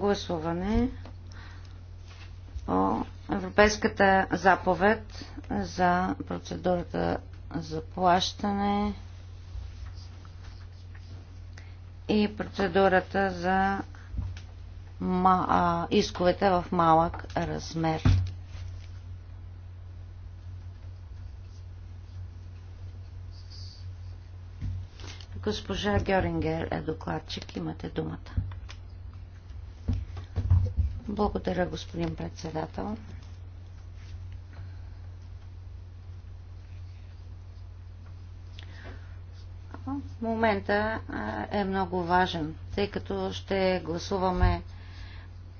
гласуване по Европейската заповед за процедурата за плащане и процедурата за исковете в малък размер. Госпожа Герингер е докладчик. Имате думата. Благодаря, господин председател. момента е много важен, тъй като ще гласуваме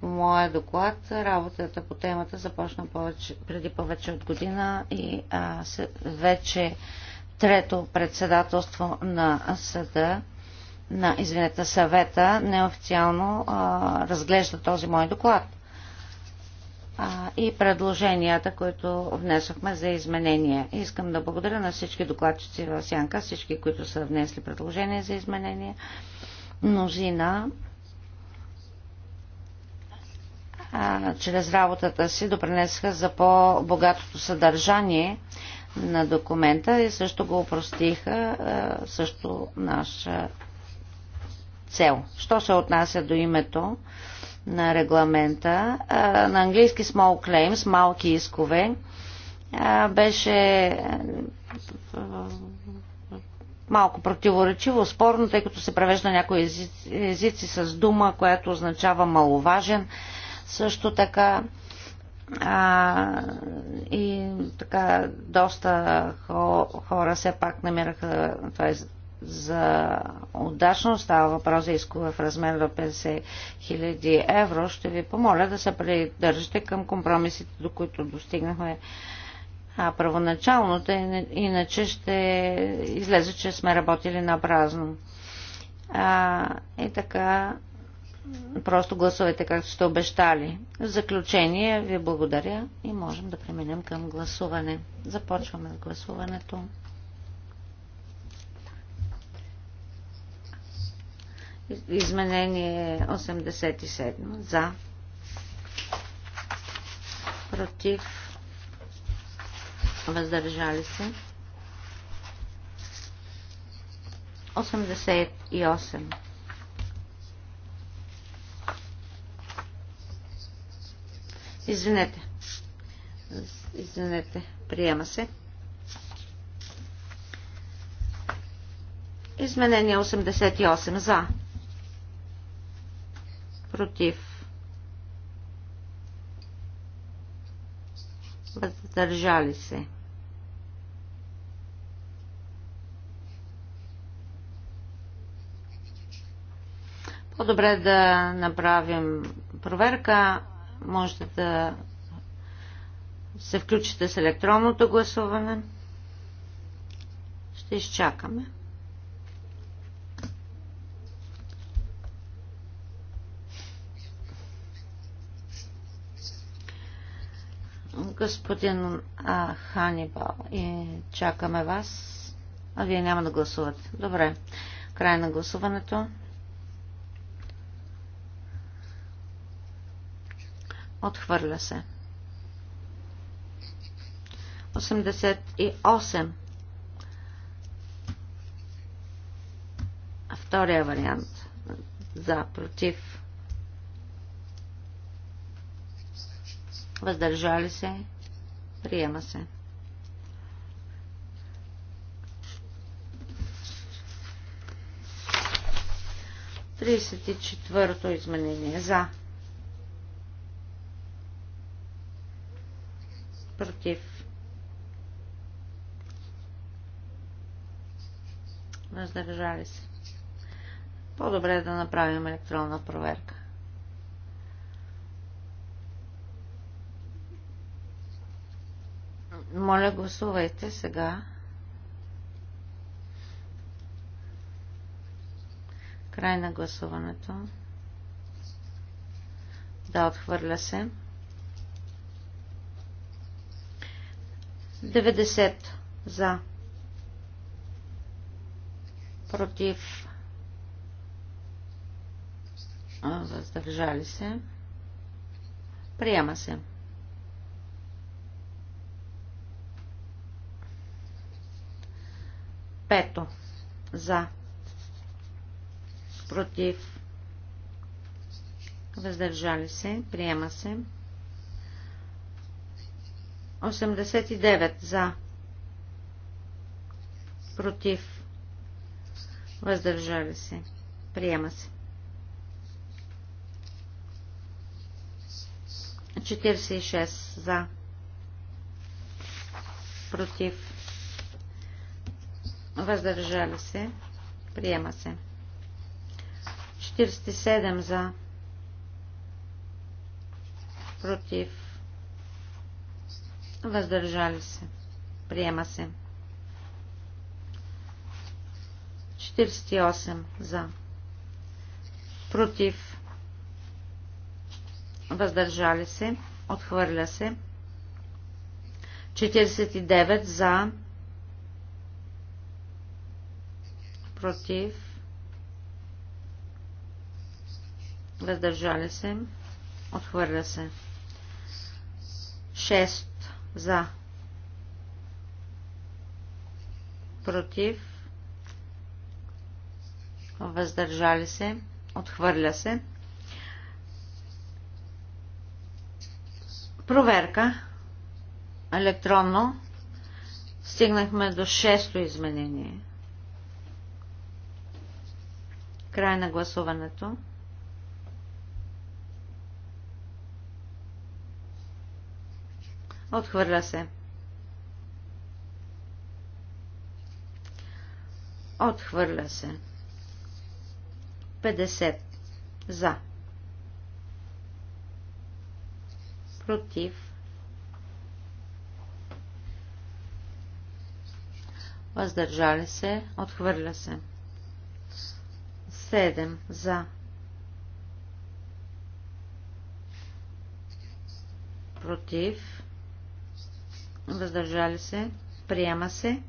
моя доклад. Работата по темата започна повече, преди повече от година и а, вече трето председателство на съда на, извинете, съвета неофициално а, разглежда този мой доклад а, и предложенията, които внесохме за изменения. Искам да благодаря на всички докладчици в Сянка, всички, които са внесли предложения за изменения. Мнозина а, чрез работата си допринесаха за по-богатото съдържание на документа и също го опростиха, също наша цел. Що се отнася до името на регламента, на английски small claims, малки искове, беше малко противоречиво, спорно, тъй като се превежда някои езици, с дума, която означава маловажен. Също така а, и така доста хора все пак намираха това за удачно, става въпрос за искове в размер до 50 000 евро, ще ви помоля да се придържате към компромисите, до които достигнахме а първоначално, иначе ще излезе, че сме работили на празно. А, и така, просто гласувайте както сте обещали. В заключение ви благодаря и можем да преминем към гласуване. Започваме с гласуването. Изменение 87. За. Против. Въздържали се. 88. Извинете. Извинете. Приема се. Изменение 88 за против, въздържали се. По-добре да направим проверка. Можете да се включите с електронното гласуване. Ще изчакаме. господин а, Ханибал. И чакаме вас. А вие няма да гласувате. Добре. Край на гласуването. Отхвърля се. 88. Втория вариант. За, против, въздържали се, приема се. Тридесет и четвърто изменение за. Против. Въздържали се. По-добре е да направим електронна проверка. Моля, гласувайте сега. Край на гласуването. Да, отхвърля се. 90 за. Против. Въздържали се. Приема се. Пето. За. Против. Въздържали се. Приема се. 89. За. Против. Въздържали се. Приема се. 46. За. Против въздържали се, приема се. 47 за, против, въздържали се, приема се. 48 за, против, въздържали се, отхвърля се. 49 за, против, въздържали се, отхвърля се. 6 за, против, въздържали се, отхвърля се. Проверка електронно. Стигнахме до 6 изменение. Край на гласуването. Отхвърля се. Отхвърля се. 50. За. Против. Въздържали се. Отхвърля се. Седем. за. Против. Въздържали се. Приема се.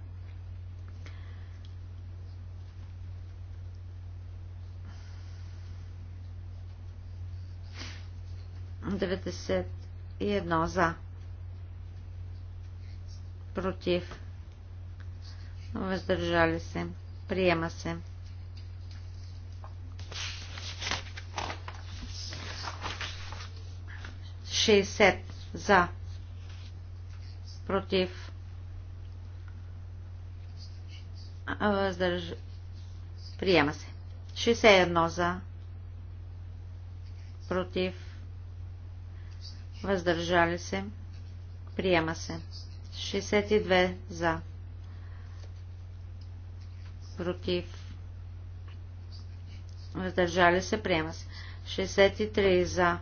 Деветдесет и едно за. Против. Въздържали се. Приема се. 60 за, против, въздържа, приема се. 61 за, против, въздържали се, приема се. 62 за, против, въздържали се, приема се. 63 за,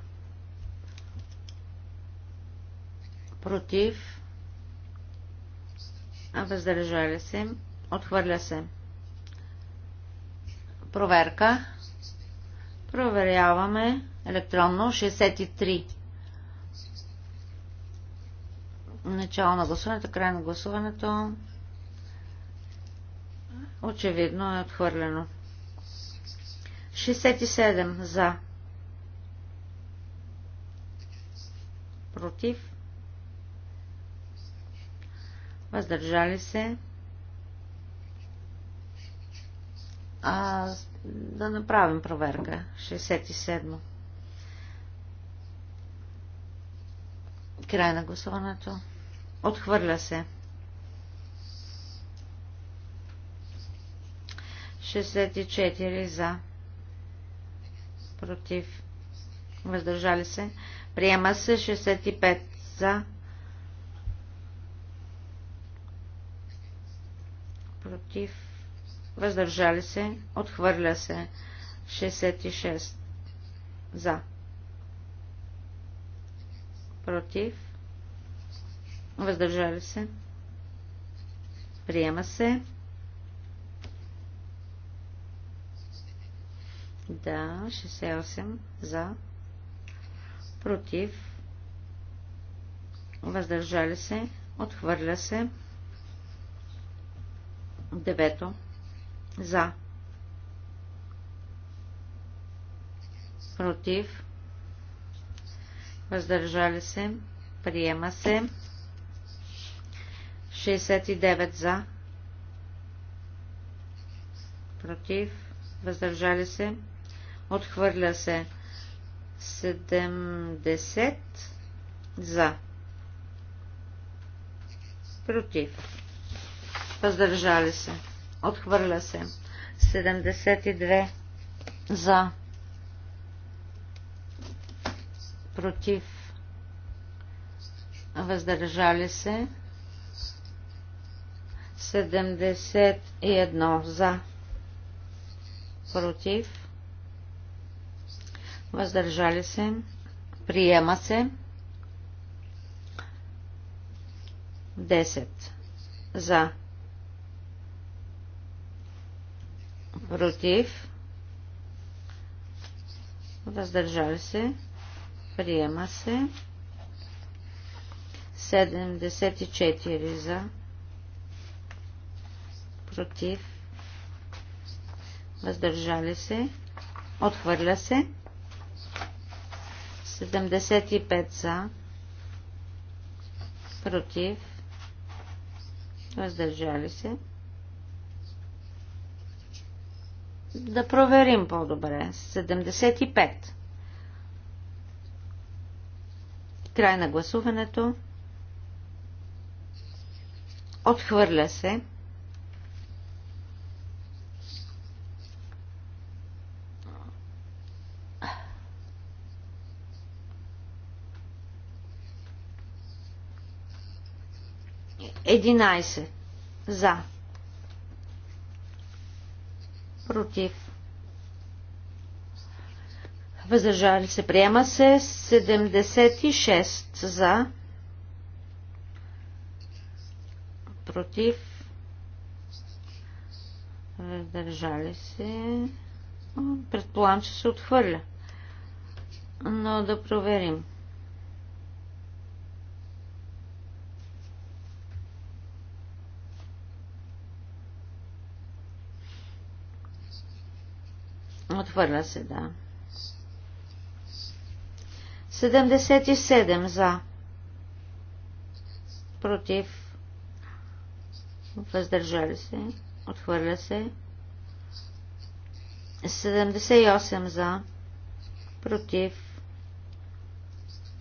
против, въздържали се, отхвърля се. Проверка. Проверяваме електронно 63. Начало на гласуването, край на гласуването. Очевидно е отхвърлено. 67 за. Против въздържали се. А, да направим проверка. 67. Край на гласуването. Отхвърля се. 64 за. Против. Въздържали се. Приема се 65 за против, въздържали се, отхвърля се. 66 за, против, въздържали се, приема се. Да, 68 за, против, въздържали се, отхвърля се. Девето. За. Против. Въздържали се. Приема се. 69 за. Против. Въздържали се. Отхвърля се. 70 за. Против въздържали се, отхвърля се. 72 за, против, въздържали се, 71 за, против, въздържали се, приема се, 10 за, против, въздържали се, приема се. 74 за, против, въздържали се, отхвърля се. 75 за, против, въздържали се. Да проверим по-добре. 75. Край на гласуването. Отхвърля се. Единайсе За против, въздържали се, приема се 76 за, против, въздържали се, предполагам, че се отхвърля, но да проверим. Отхвърля се, да. 77 за. Против. Въздържали се. Отхвърля се. 78 за. Против.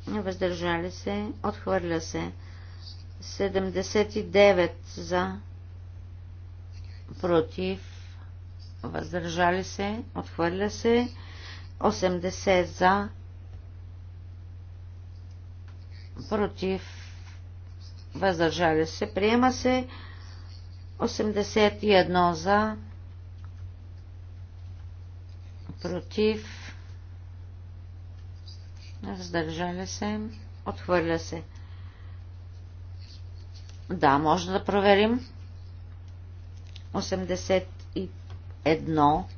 Въздържали се. Отхвърля се. 79 за. Против въздържали се, отхвърля се, 80 за, против, въздържали се, приема се, 81 за, против, въздържали се, отхвърля се. Да, може да проверим. 80 Едно.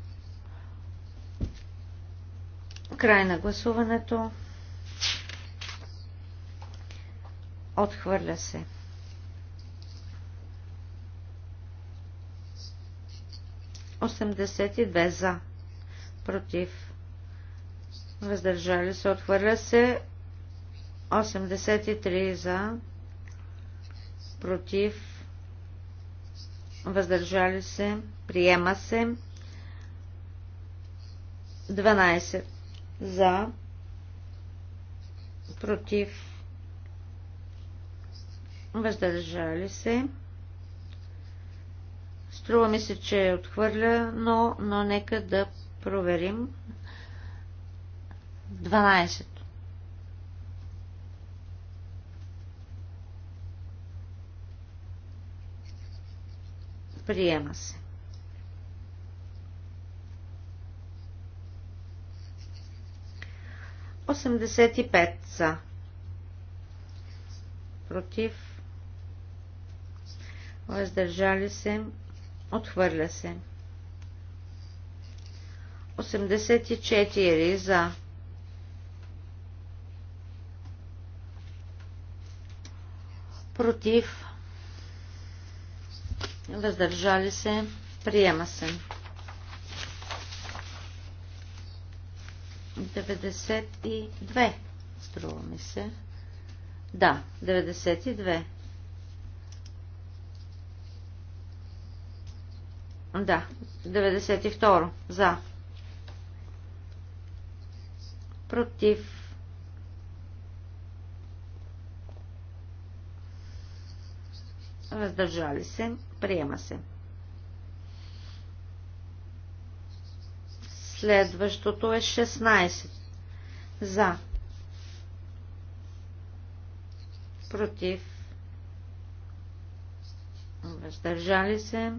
Край на гласуването. Отхвърля се. Осемдесет и две за. Против. Въздържали се. Отхвърля се. 83 за. Против въздържали се, приема се. 12 за, против, въздържали се. Струва ми се, че е отхвърля, но, но нека да проверим. 12. Приема се. Осемдесет и пет за. Против. Въздържали се. Отхвърля се. четири за. Против въздържали се, приема се. 92, струва ми се. Да, 92. Да, 92. За. Против. Въздържали се. Приема се. Следващото е 16. За. Против. Въздържали се.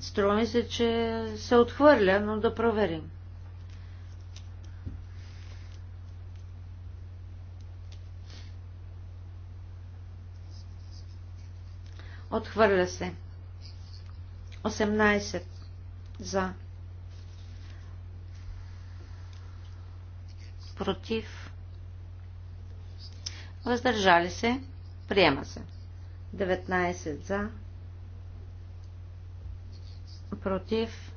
Струва ми се, че се отхвърля, но да проверим. Отхвърля се. 18. За. Против. Въздържали се. Приема се. 19 за. Против.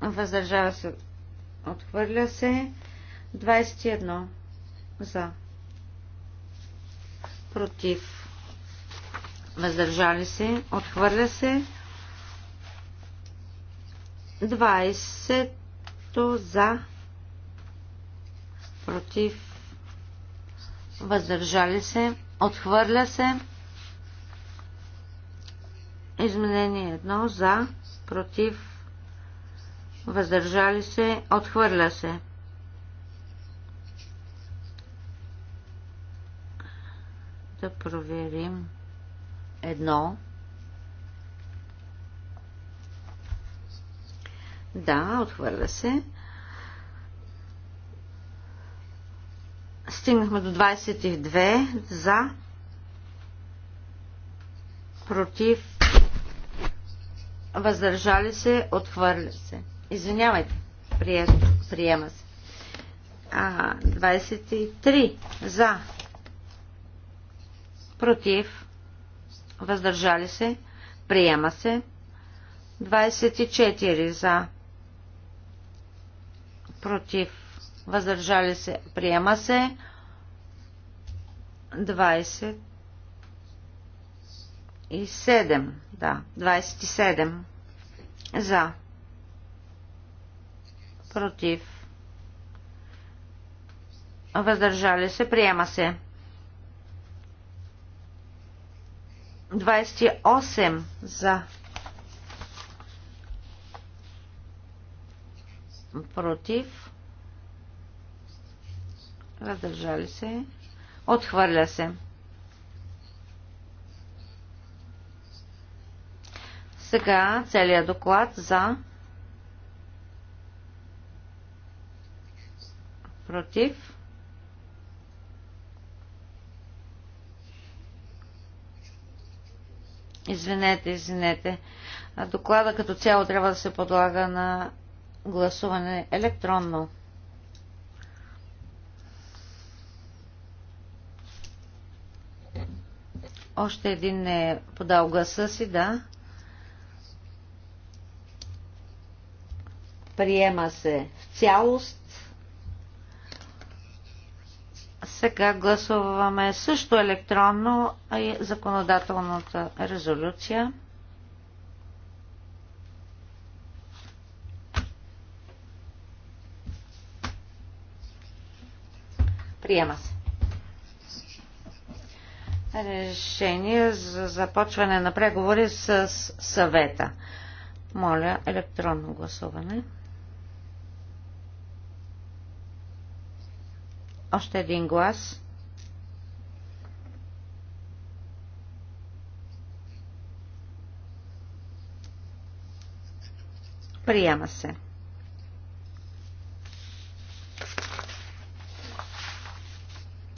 Въздържава се. Отхвърля се. 21 за против, въздържали се, отхвърля се. 20 за, против, въздържали се, отхвърля се. Изменение 1 за, против, въздържали се, отхвърля се. да проверим едно. Да, отхвърля се. Стигнахме до 22 за, против, въздържали се, отхвърля се. Извинявайте, приема се. А, 23 за, против, въздържали се, приема се. 24 за, против, въздържали се, приема се. 20 и 7, да, 27 за, против, въздържали се, приема се. 28 за. Против. Въздържали се. Отхвърля се. Сега целият доклад за. Против. Извинете, извинете. Доклада като цяло трябва да се подлага на гласуване електронно. Още един не е подал гласа си, да. Приема се в цялост Сега гласуваме също електронно и законодателната резолюция. Приема се. Решение за започване на преговори с съвета. Моля електронно гласуване. Още един глас. Приема се.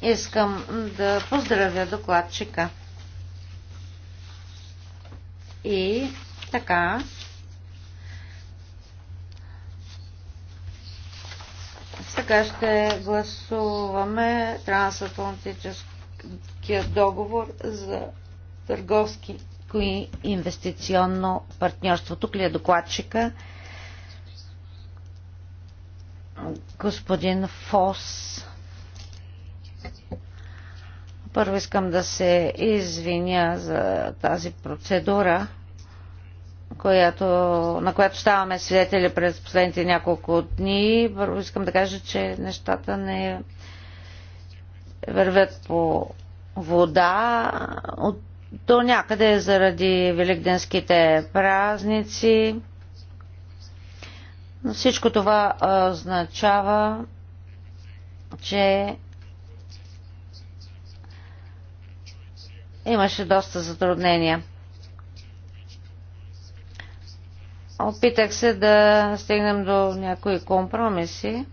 Искам да поздравя докладчика. И така, Така ще гласуваме трансатлантическия договор за търговски и инвестиционно партньорство. Тук ли е докладчика? Господин Фос. Първо искам да се извиня за тази процедура която, на която ставаме свидетели през последните няколко дни. Първо искам да кажа, че нещата не вървят по вода. От, до някъде заради великденските празници. Но всичко това означава, че имаше доста затруднения. Опитах се да стигнем до някои компромиси,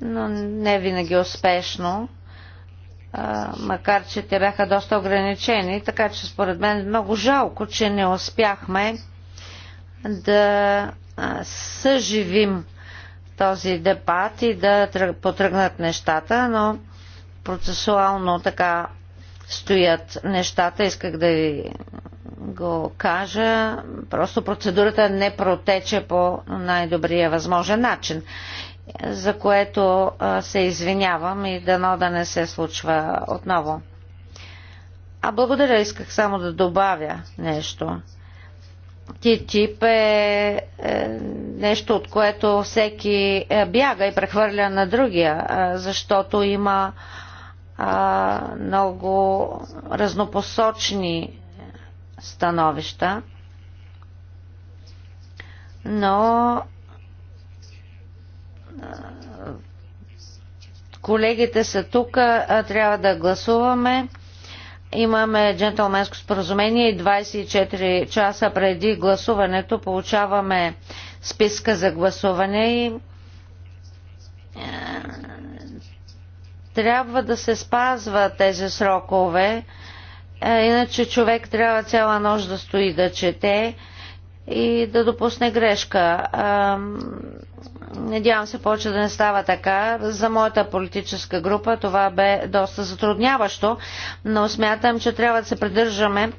но не винаги успешно, макар че те бяха доста ограничени, така че според мен много жалко, че не успяхме да съживим този дебат и да потръгнат нещата, но процесуално така стоят нещата. Исках да ви го кажа, просто процедурата не протече по най-добрия възможен начин, за което се извинявам и дано да не се случва отново. А благодаря, исках само да добавя нещо. ТТИП е, е нещо, от което всеки е, бяга и прехвърля на другия, защото има много разнопосочни становища, но колегите са тук, трябва да гласуваме. Имаме джентълменско споразумение и 24 часа преди гласуването получаваме списка за гласуване и трябва да се спазва тези срокове Иначе човек трябва цяла нощ да стои да чете и да допусне грешка. Надявам се повече да не става така. За моята политическа група това бе доста затрудняващо, но смятам, че трябва да се придържаме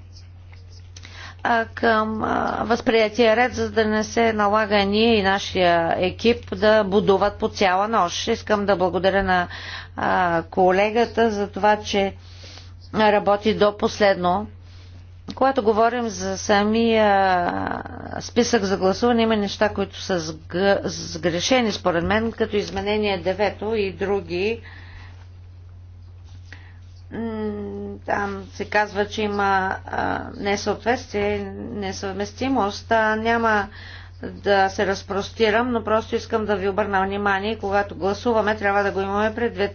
към възприятия ред, за да не се налага ние и нашия екип да будуват по цяла нощ. Искам да благодаря на колегата за това, че работи до последно. Когато говорим за самия списък за гласуване, има неща, които са сгрешени според мен, като изменение 9 и други. Там се казва, че има несъответствие, несъвместимост, а няма да се разпростирам, но просто искам да ви обърна внимание, когато гласуваме, трябва да го имаме предвид.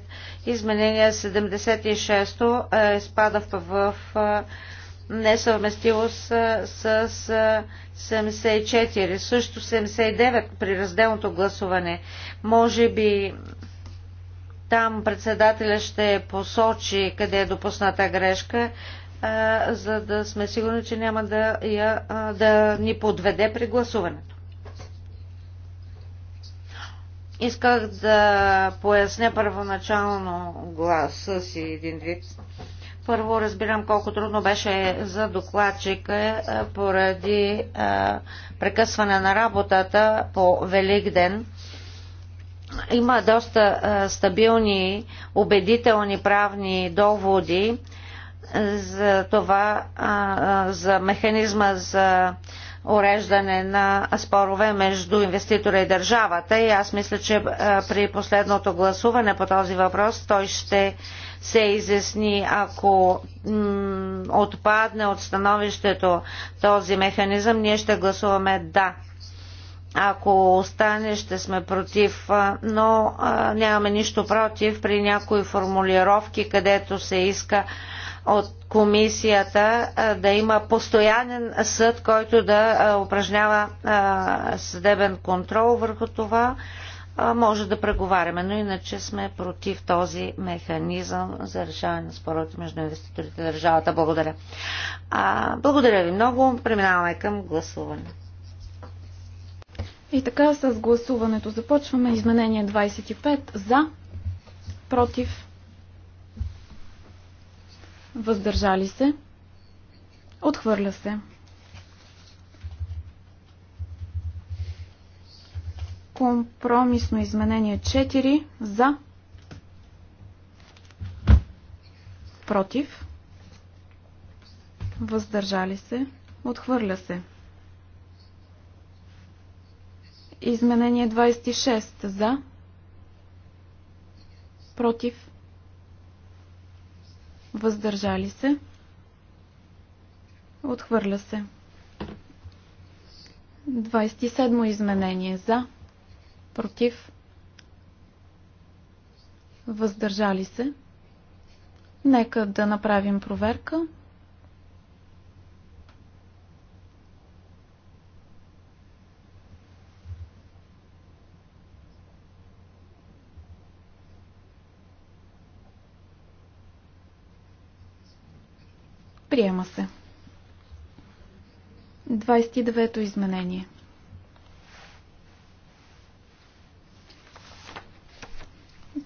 Изменение 76-то е, спада в, в е, несъвместимост с, с 74, също 79 при разделното гласуване. Може би там председателя ще посочи къде е допусната грешка, е, за да сме сигурни, че няма да, я, е, да ни подведе при гласуването. Исках да поясня първоначално гласа си един вид. Първо разбирам колко трудно беше за докладчика е, поради е, прекъсване на работата по Велик ден. Има доста е, стабилни, убедителни правни доводи за това, за механизма за уреждане на спорове между инвеститора и държавата и аз мисля, че при последното гласуване по този въпрос той ще се изясни, ако отпадне от становището този механизъм, ние ще гласуваме да. Ако остане, ще сме против, но а, нямаме нищо против при някои формулировки, където се иска а, от комисията да има постоянен съд, който да упражнява съдебен контрол върху това, може да преговаряме, но иначе сме против този механизъм за решаване на спорите между инвеститорите и държавата. Благодаря. благодаря ви много. Преминаваме към гласуване. И така с гласуването започваме. Изменение 25 за, против, въздържали се, отхвърля се. Компромисно изменение 4 за, против, въздържали се, отхвърля се. Изменение 26 за, против, въздържали се, отхвърля се. 27 изменение за, против, въздържали се. Нека да направим проверка. Приема се. 29-то изменение.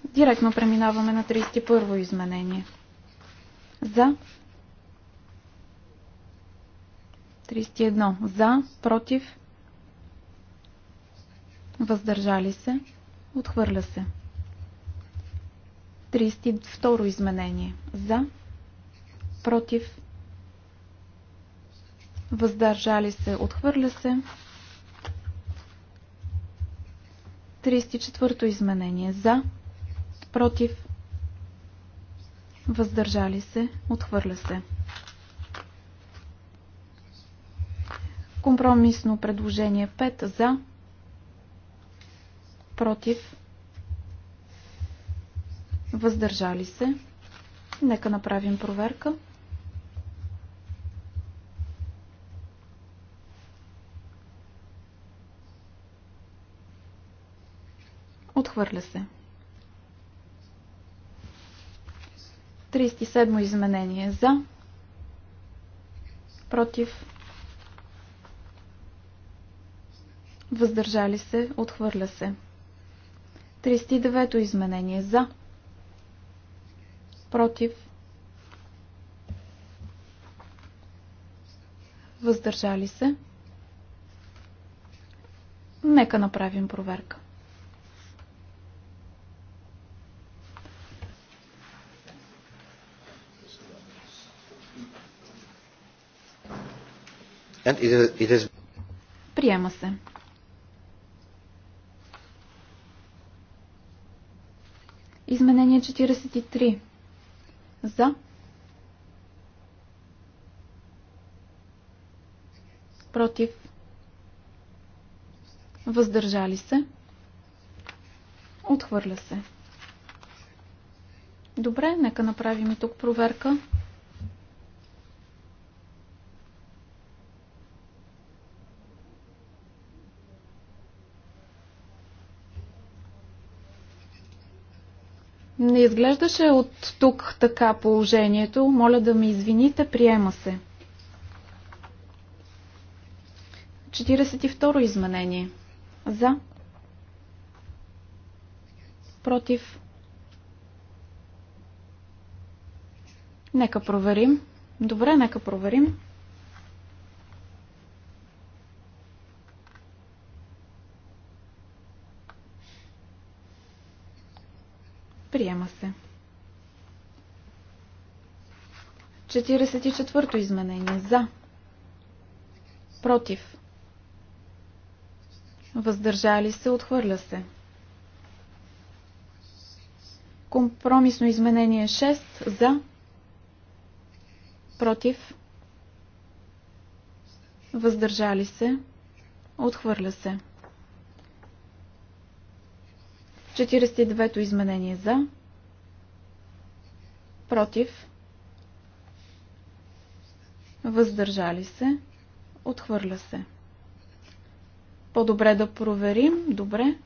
Директно преминаваме на 31-во изменение. За. 31. За. Против. Въздържали се. Отхвърля се. 32 изменение. За. Против въздържали се, отхвърля се. 34-то изменение за, против, въздържали се, отхвърля се. Компромисно предложение 5 за, против, въздържали се. Нека направим проверка. Отхвърля се. 37 изменение за. Против. Въздържали се. Отхвърля се. 39 изменение за. Против. Въздържали се. Нека направим проверка. And it, it is... Приема се. Изменение 43. За. Против. Въздържали се. Отхвърля се. Добре, нека направим и тук проверка. Не изглеждаше от тук така положението. Моля да ме извините, приема се. 42 изменение. За. Против. Нека проверим. Добре, нека проверим. 44-то изменение. За. Против. Въздържали се. Отхвърля се. Компромисно изменение 6. За. Против. Въздържали се. Отхвърля се. 42-то изменение за. Против въздържали се, отхвърля се. По-добре да проверим, добре.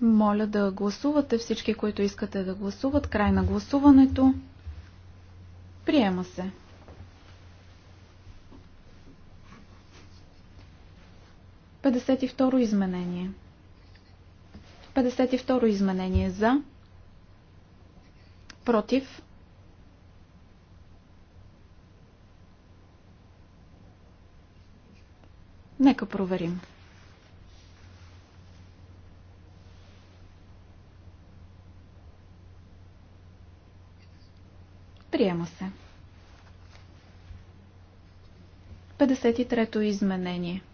Моля да гласувате всички, които искате да гласуват. Край на гласуването. Приема се. 52 изменение. 52 изменение за, против, Нека проверим. Приема се. 53-то изменение. 53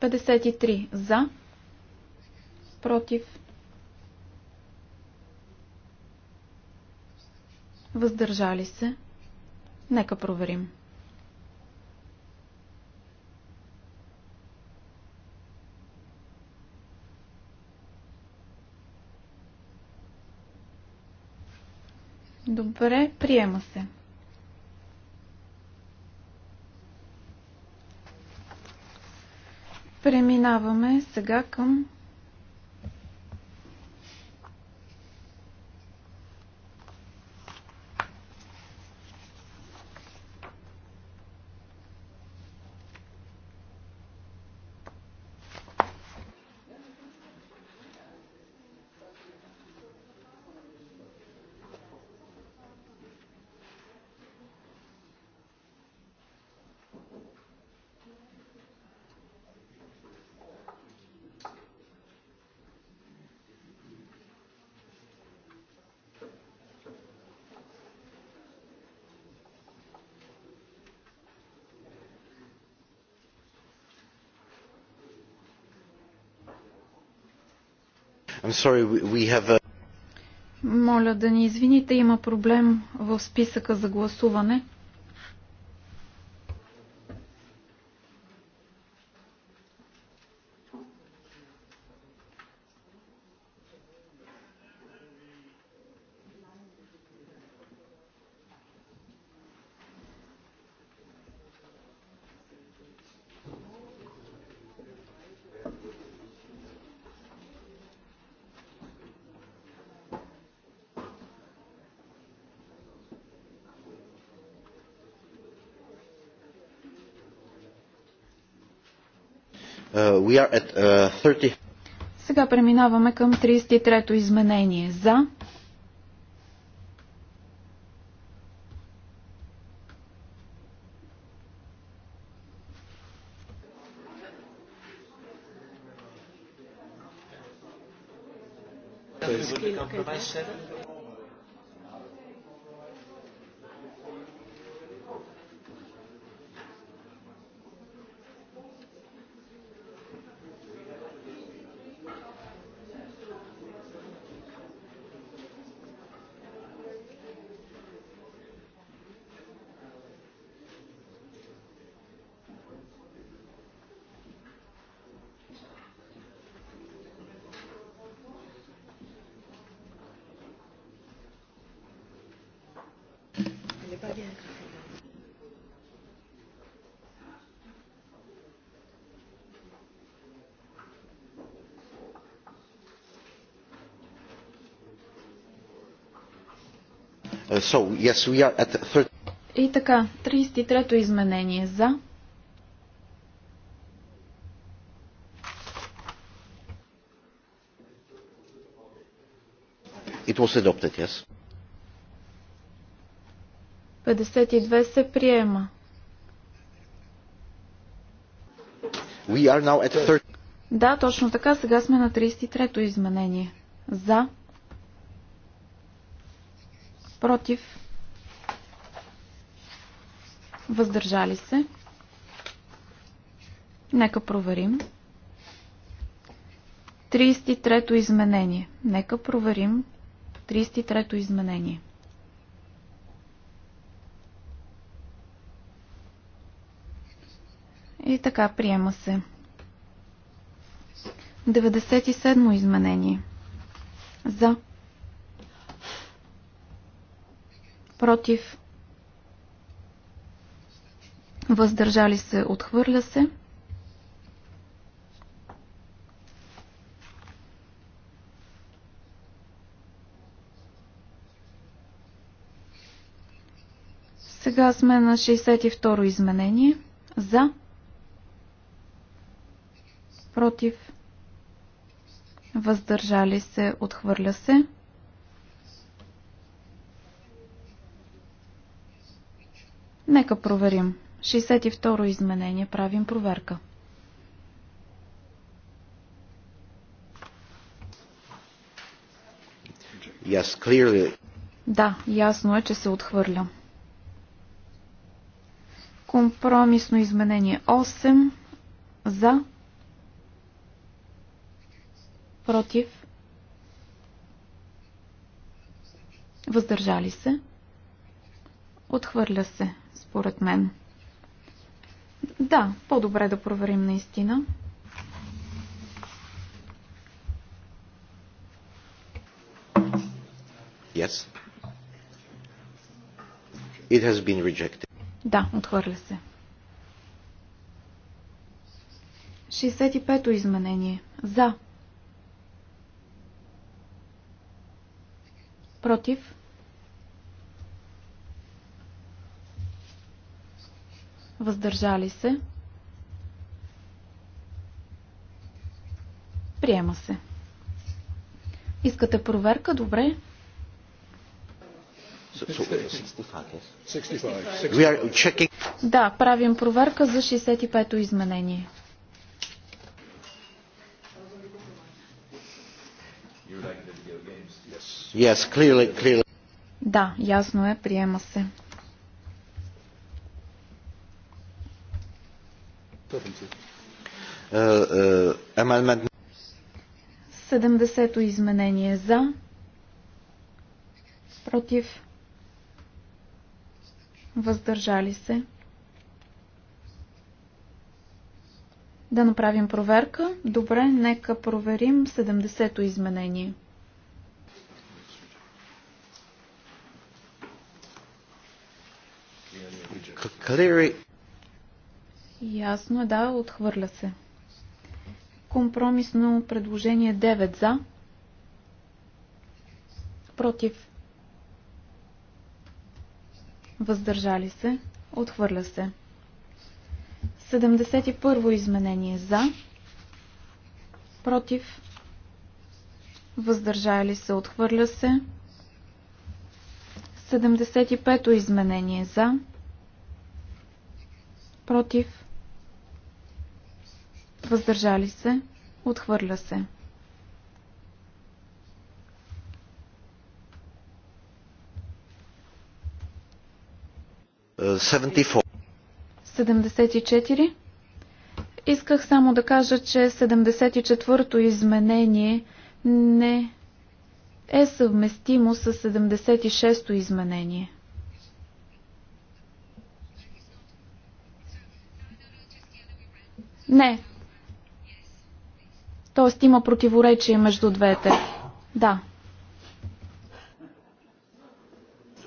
53 за, против, въздържали се. Нека проверим. Добре, приема се. Преминаваме сега към I'm sorry, we have a... Моля да ни извините, има проблем в списъка за гласуване. Uh, Сега преминаваме към 33-то изменение. За, Uh, и така, 33-то изменение за. It was adopted, yes. 52 се приема. We are now at third... Да, точно така. Сега сме на 33-то изменение. За. Против. Въздържали се. Нека проверим. 33-то изменение. Нека проверим 33-то изменение. 33 И така приема се. 97 изменение. За. Против. Въздържали се. Отхвърля се. Сега сме на 62 изменение. За против, въздържали се, отхвърля се. Нека проверим. 62 изменение правим проверка. Yes, clearly. Да, ясно е, че се отхвърля. Компромисно изменение 8 за против, въздържали се, отхвърля се, според мен. Да, по-добре да проверим наистина. Yes. It has been rejected. Да, отхвърля се. 65-то изменение. За. против, въздържали се, приема се. Искате проверка? Добре. Да, правим проверка за 65-то изменение. Yes. clearly, clearly. Да, ясно е, приема се. Е, е, седемдесето 70-то изменение за, против, въздържали се. Да направим проверка. Добре, нека проверим 70-то изменение. clearly... Ясно е, да, отхвърля се. Компромисно предложение 9 за. Против. Въздържали се. Отхвърля се. 71 изменение за. Против. Въздържали се. Отхвърля се. 75 изменение за против, въздържали се, отхвърля се. Uh, 74. 74. Исках само да кажа, че 74-то изменение не е съвместимо с 76-то изменение. Не. Тоест има противоречие между двете. Да.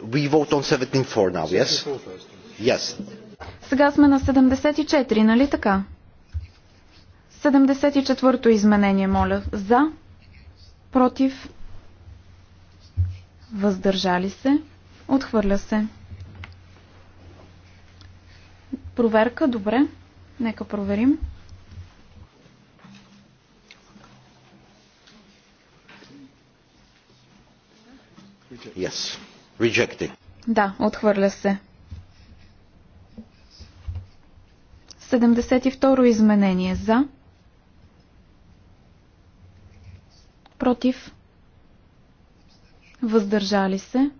We vote on now, yes? Yes. Сега сме на 74, нали така? 74-то изменение, моля. За, против, въздържали се, отхвърля се. Проверка, добре. Нека проверим. Yes. Rejected. Да, отхвърля се. 72 изменение за. Против. Въздържали се.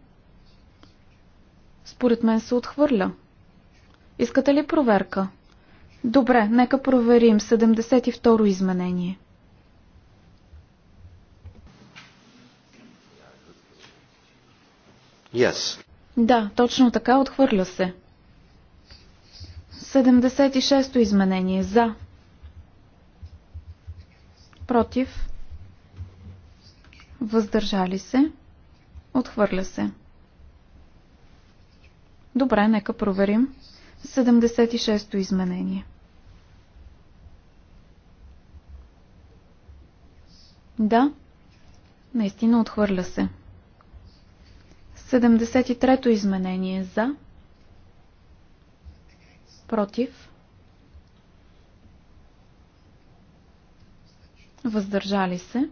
Според мен се отхвърля. Искате ли проверка? Добре, нека проверим 72 изменение. Yes. Да, точно така, отхвърля се. 76-то изменение. За. Против. Въздържали се. Отхвърля се. Добре, нека проверим. 76-то изменение. Да, наистина отхвърля се. 73-то изменение за. Против. Въздържали се.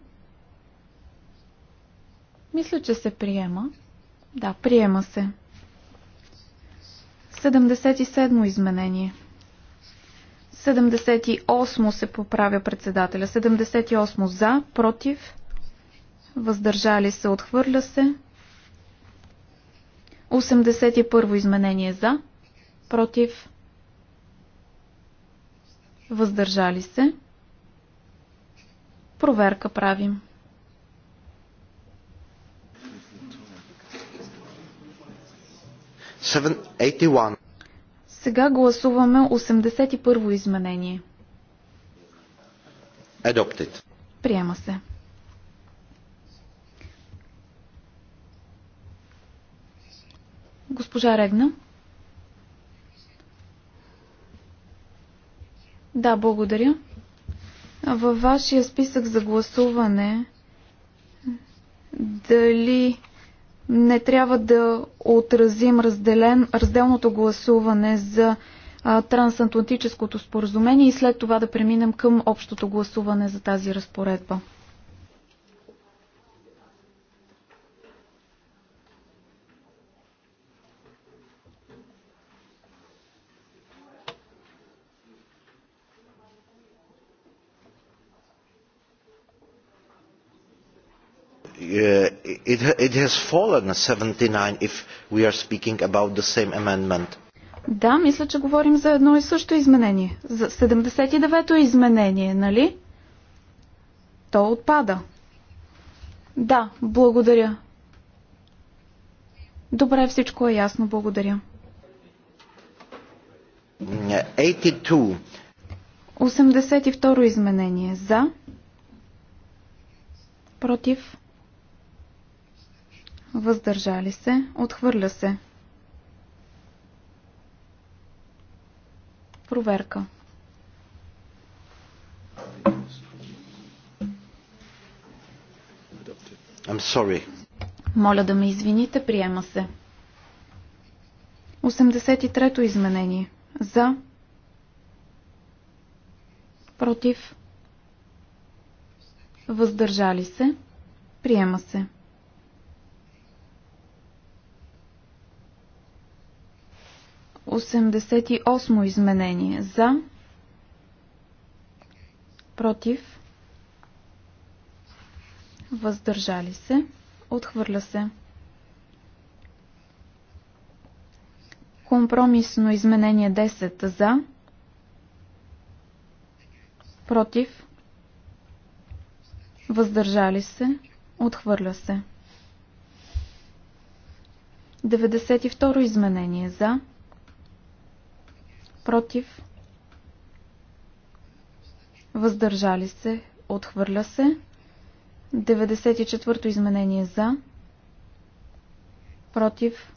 Мисля, че се приема. Да, приема се. 77 изменение. 78 се поправя председателя. 78 за, против, въздържали се, отхвърля се. 81 изменение за, против, въздържали се. Проверка правим. Сега гласуваме 81 изменение. Adopted. Приема се. Госпожа Регна. Да, благодаря. Във вашия списък за гласуване дали не трябва да отразим разделен, разделното гласуване за а, трансатлантическото споразумение и след това да преминем към общото гласуване за тази разпоредба. Uh, it, has fallen 79 if we are speaking about the same amendment. Да, мисля, че говорим за едно и също изменение. За 79-то изменение, нали? То отпада. Да, благодаря. Добре, всичко е ясно, благодаря. 82. 82 изменение. За. Против въздържали се, отхвърля се. Проверка. I'm sorry. Моля да ме извините, приема се. 83-то изменение. За. Против. Въздържали се. Приема се. 88 изменение. За. Против. Въздържали се. Отхвърля се. Компромисно изменение 10 за. Против. Въздържали се. Отхвърля се. 92 изменение за против, въздържали се, отхвърля се. 94-то изменение за, против,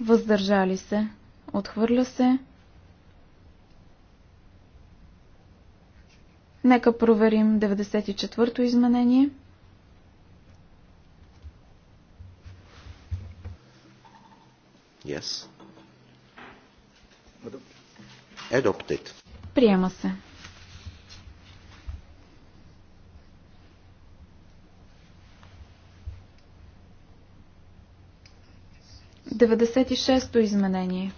въздържали се, отхвърля се. Нека проверим 94-то изменение. Yes. Adopted. Приема се. Деведесет и шесто изменение.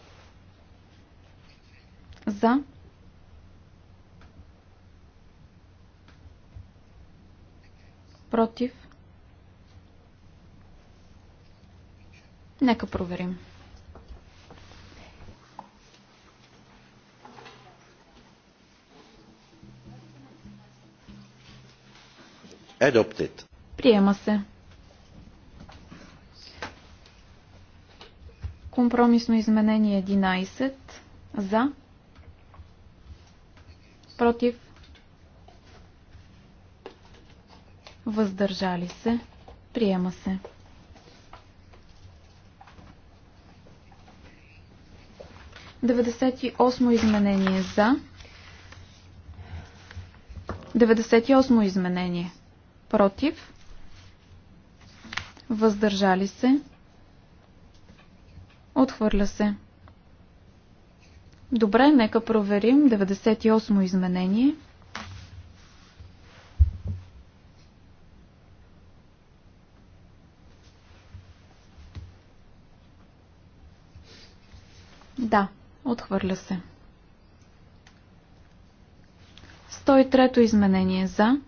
За. Против. Нека проверим. Adopted. Приема се. Компромисно изменение 11. За. Против. Въздържали се. Приема се. Деветдесет и осмо изменение за. Деветдесет и осмо изменение против, въздържали се, отхвърля се. Добре, нека проверим 98 изменение. Да, отхвърля се. 103 изменение за.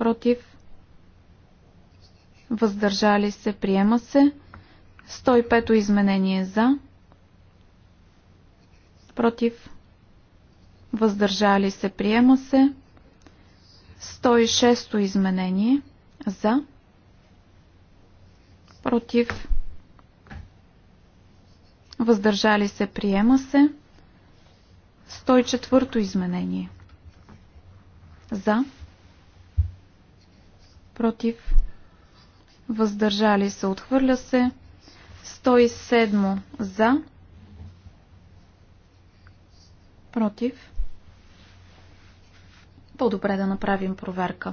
против, въздържали се, приема се. 105 то изменение за, против, въздържали се, приема се. 106 то изменение за, против, въздържали се, приема се. 104 изменение за, против, против, въздържали се, отхвърля се. 107 за, против. По-добре да направим проверка.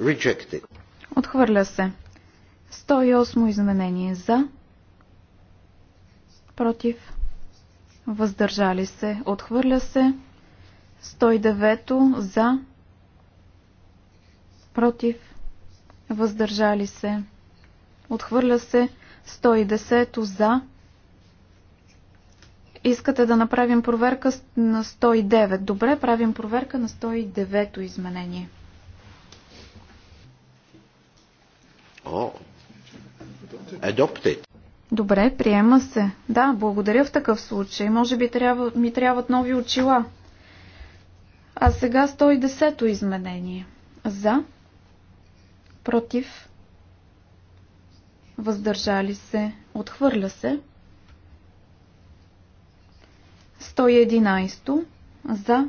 Rejected. Отхвърля се. 108 изменение за, против, въздържали се, отхвърля се. 109 за, против, въздържали се, отхвърля се. 110 за. Искате да направим проверка на 109. Добре, правим проверка на 109 изменение. О, oh. adopted. Добре, приема се. Да, благодаря в такъв случай. Може би трябва, ми трябват нови очила. А сега 110-то изменение. За. Против. Въздържали се. Отхвърля се. 111-то. За.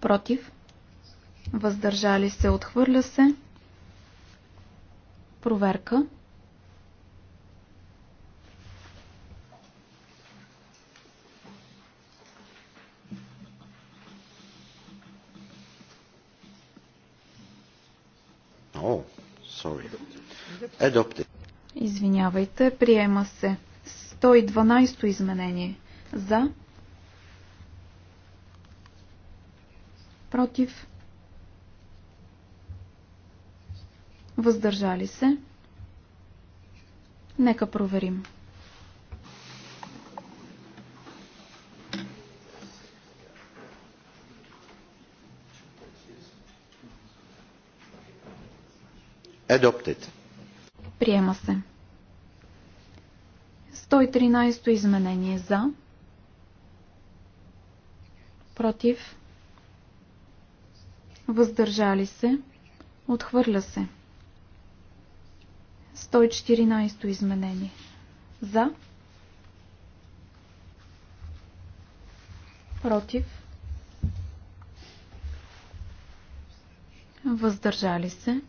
Против. Въздържали се. Отхвърля се. Проверка. Adopted. Извинявайте, приема се. 112 изменение. За. Против. Въздържали се. Нека проверим. Adopted. Приема се. 113-то изменение за. Против. Въздържали се. Отхвърля се. 114 изменение. За. Против. Въздържали се.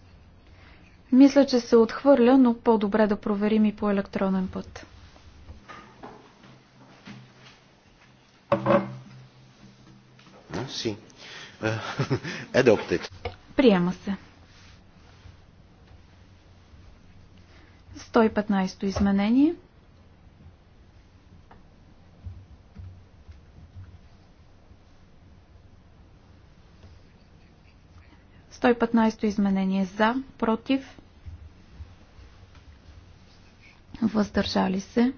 Мисля, че се отхвърля, но по-добре да проверим и по електронен път. Си. Е, adopted. Приема се. 115 изменение. Той и изменение за, против, въздържали се,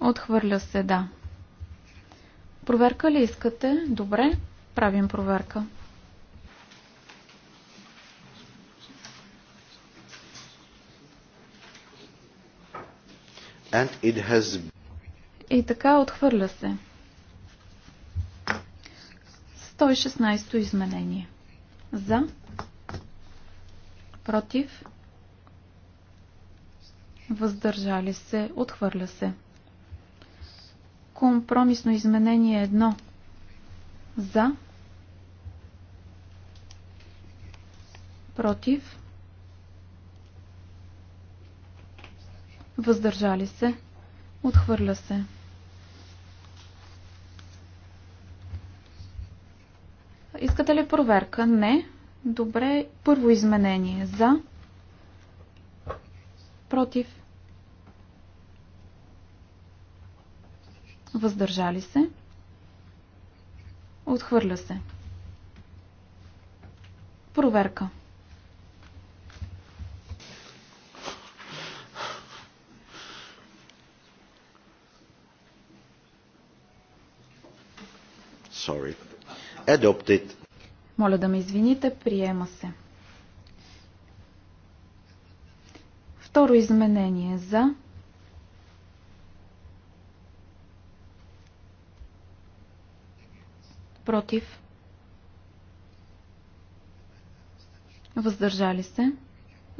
отхвърля се, да. Проверка ли искате? Добре, правим проверка. And it has... И така отхвърля се. 116-то изменение. За. Против. Въздържали се. Отхвърля се. Компромисно изменение 1. За. Против. въздържали се, отхвърля се. Искате ли проверка? Не. Добре. Първо изменение. За. Против. Въздържали се. Отхвърля се. Проверка. Sorry. Adopted. Моля да ме извините, приема се. Второ изменение за против въздържали се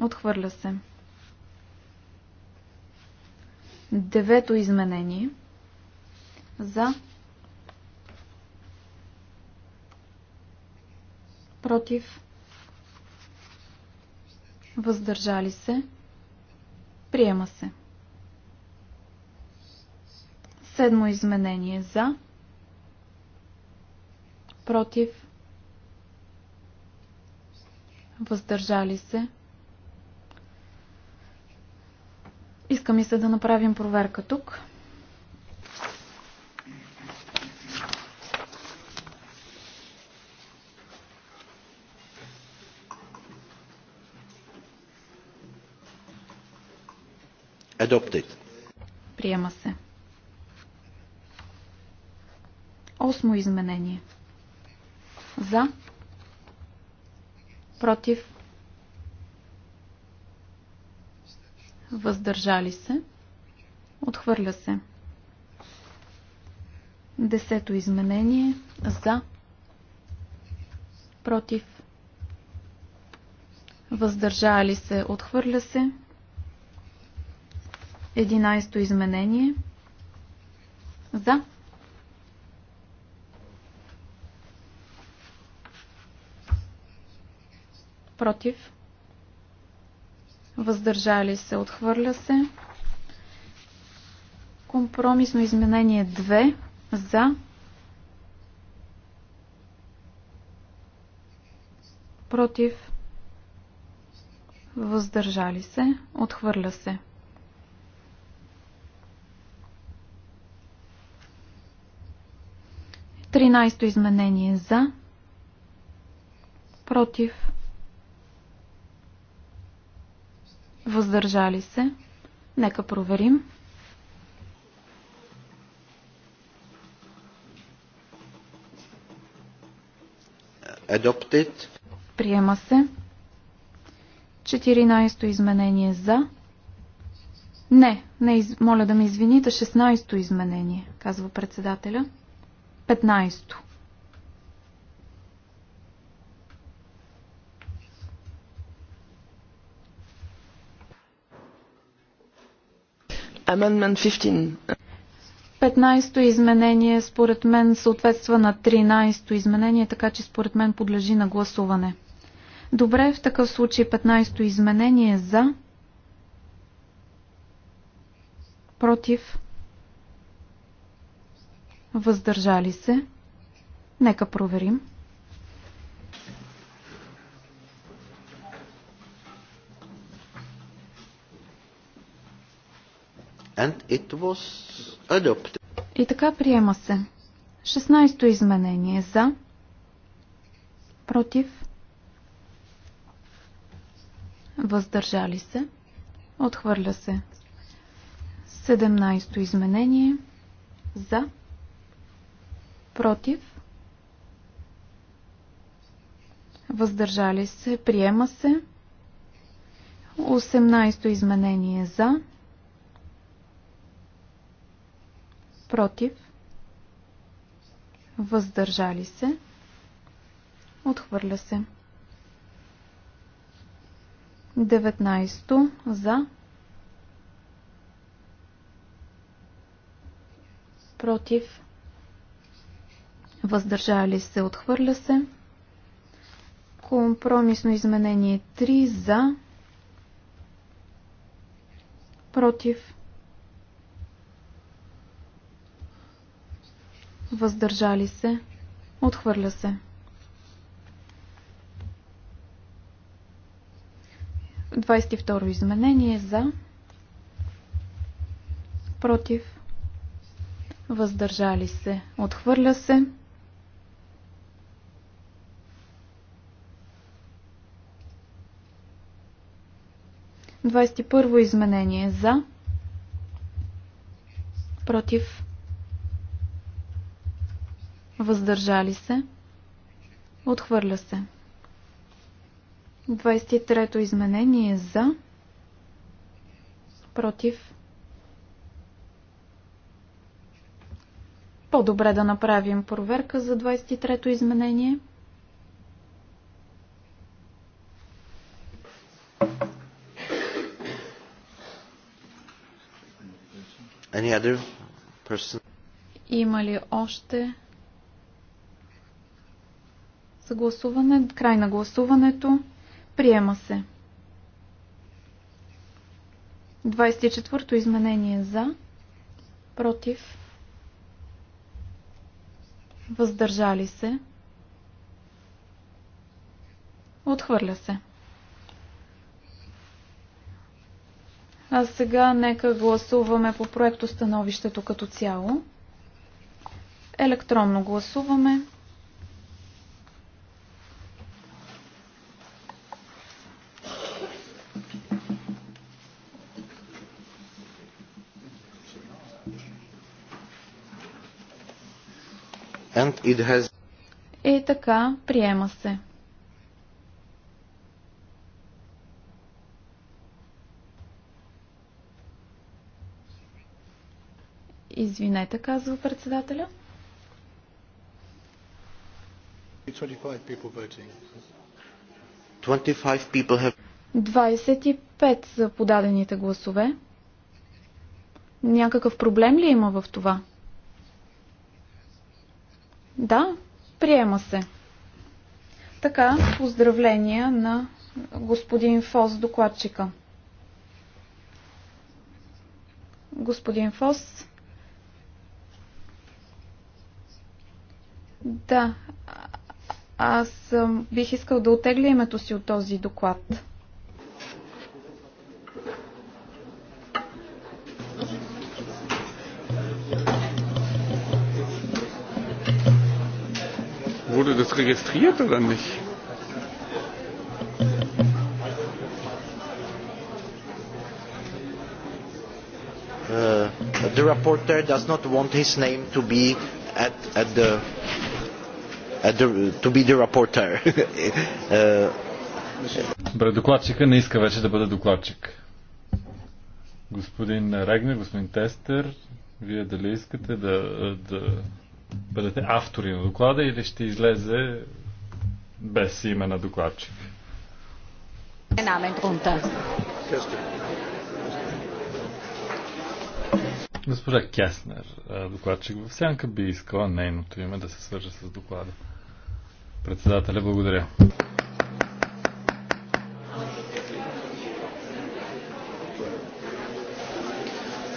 отхвърля се девето изменение за против, въздържали се, приема се. Седмо изменение за, против, въздържали се. Искам и се да направим проверка тук. Adopted. Приема се. Осмо изменение. За. Против. Въздържали се. Отхвърля се. Десето изменение. За. Против. Въздържали се. Отхвърля се. Единайсто изменение. За. Против. Въздържали се. Отхвърля се. Компромисно изменение 2. За. Против. Въздържали се. Отхвърля се. 13-то изменение за, против, въздържали се. Нека проверим. Adopted. Приема се. 14-то изменение за. Не, не из... моля да ме извините, 16-то изменение, казва председателя. 15. Amendment 15. 15-то изменение според мен съответства на 13-то изменение, така че според мен подлежи на гласуване. Добре, в такъв случай 15-то изменение за, против, въздържали се. Нека проверим. And it was adopted. И така приема се. 16-то изменение за, против, въздържали се, отхвърля се. 17-то изменение за, против, въздържали се, приема се. 18-то изменение е за, против, въздържали се, отхвърля се. 19 за, против, въздържали се, отхвърля се. Компромисно изменение 3 за, против, въздържали се, отхвърля се. Двадесет второ изменение за, против, въздържали се, отхвърля се. 21 изменение за, против, въздържали се, отхвърля се. 23 изменение за, против, по-добре да направим проверка за 23-то изменение. Any other person? Има ли още съгласуване? Край на гласуването. Приема се. 24-то изменение за, против, въздържали се, отхвърля се. А сега нека гласуваме по проекто становището като цяло. Електронно гласуваме. And it has... И така, приема се. Извинете, казва председателя. и 25 за подадените гласове. Някакъв проблем ли има в това? Да, приема се. Така, поздравления на господин Фос, докладчика. Господин Фос, Да, аз бих искал да отегля името си от този доклад. Wurde das registriert oder nicht? Uh, the reporter does not want his name to be at, at the Uh, to be the reporter. Uh, Добре, докладчика не иска вече да бъде докладчик. Господин Регне, господин Тестер, вие дали искате да, да бъдете автори на доклада или ще излезе без име на докладчик? Госпожа Кяснер, докладчик в сянка, би искала нейното име да се свържа с доклада. Председателя, благодаря.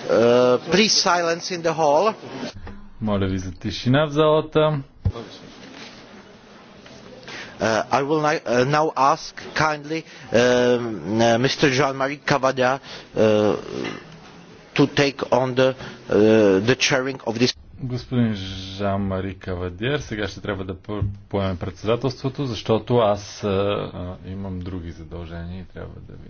Uh, Моля ви за тишина в залата. Uh, I will now ask kindly uh, Mr. Jean-Marie Cavada uh, to take on the, uh, the chairing of this Господин Жан-Мари Кавадиер, сега ще трябва да поеме председателството, защото аз а, имам други задължения и трябва да ви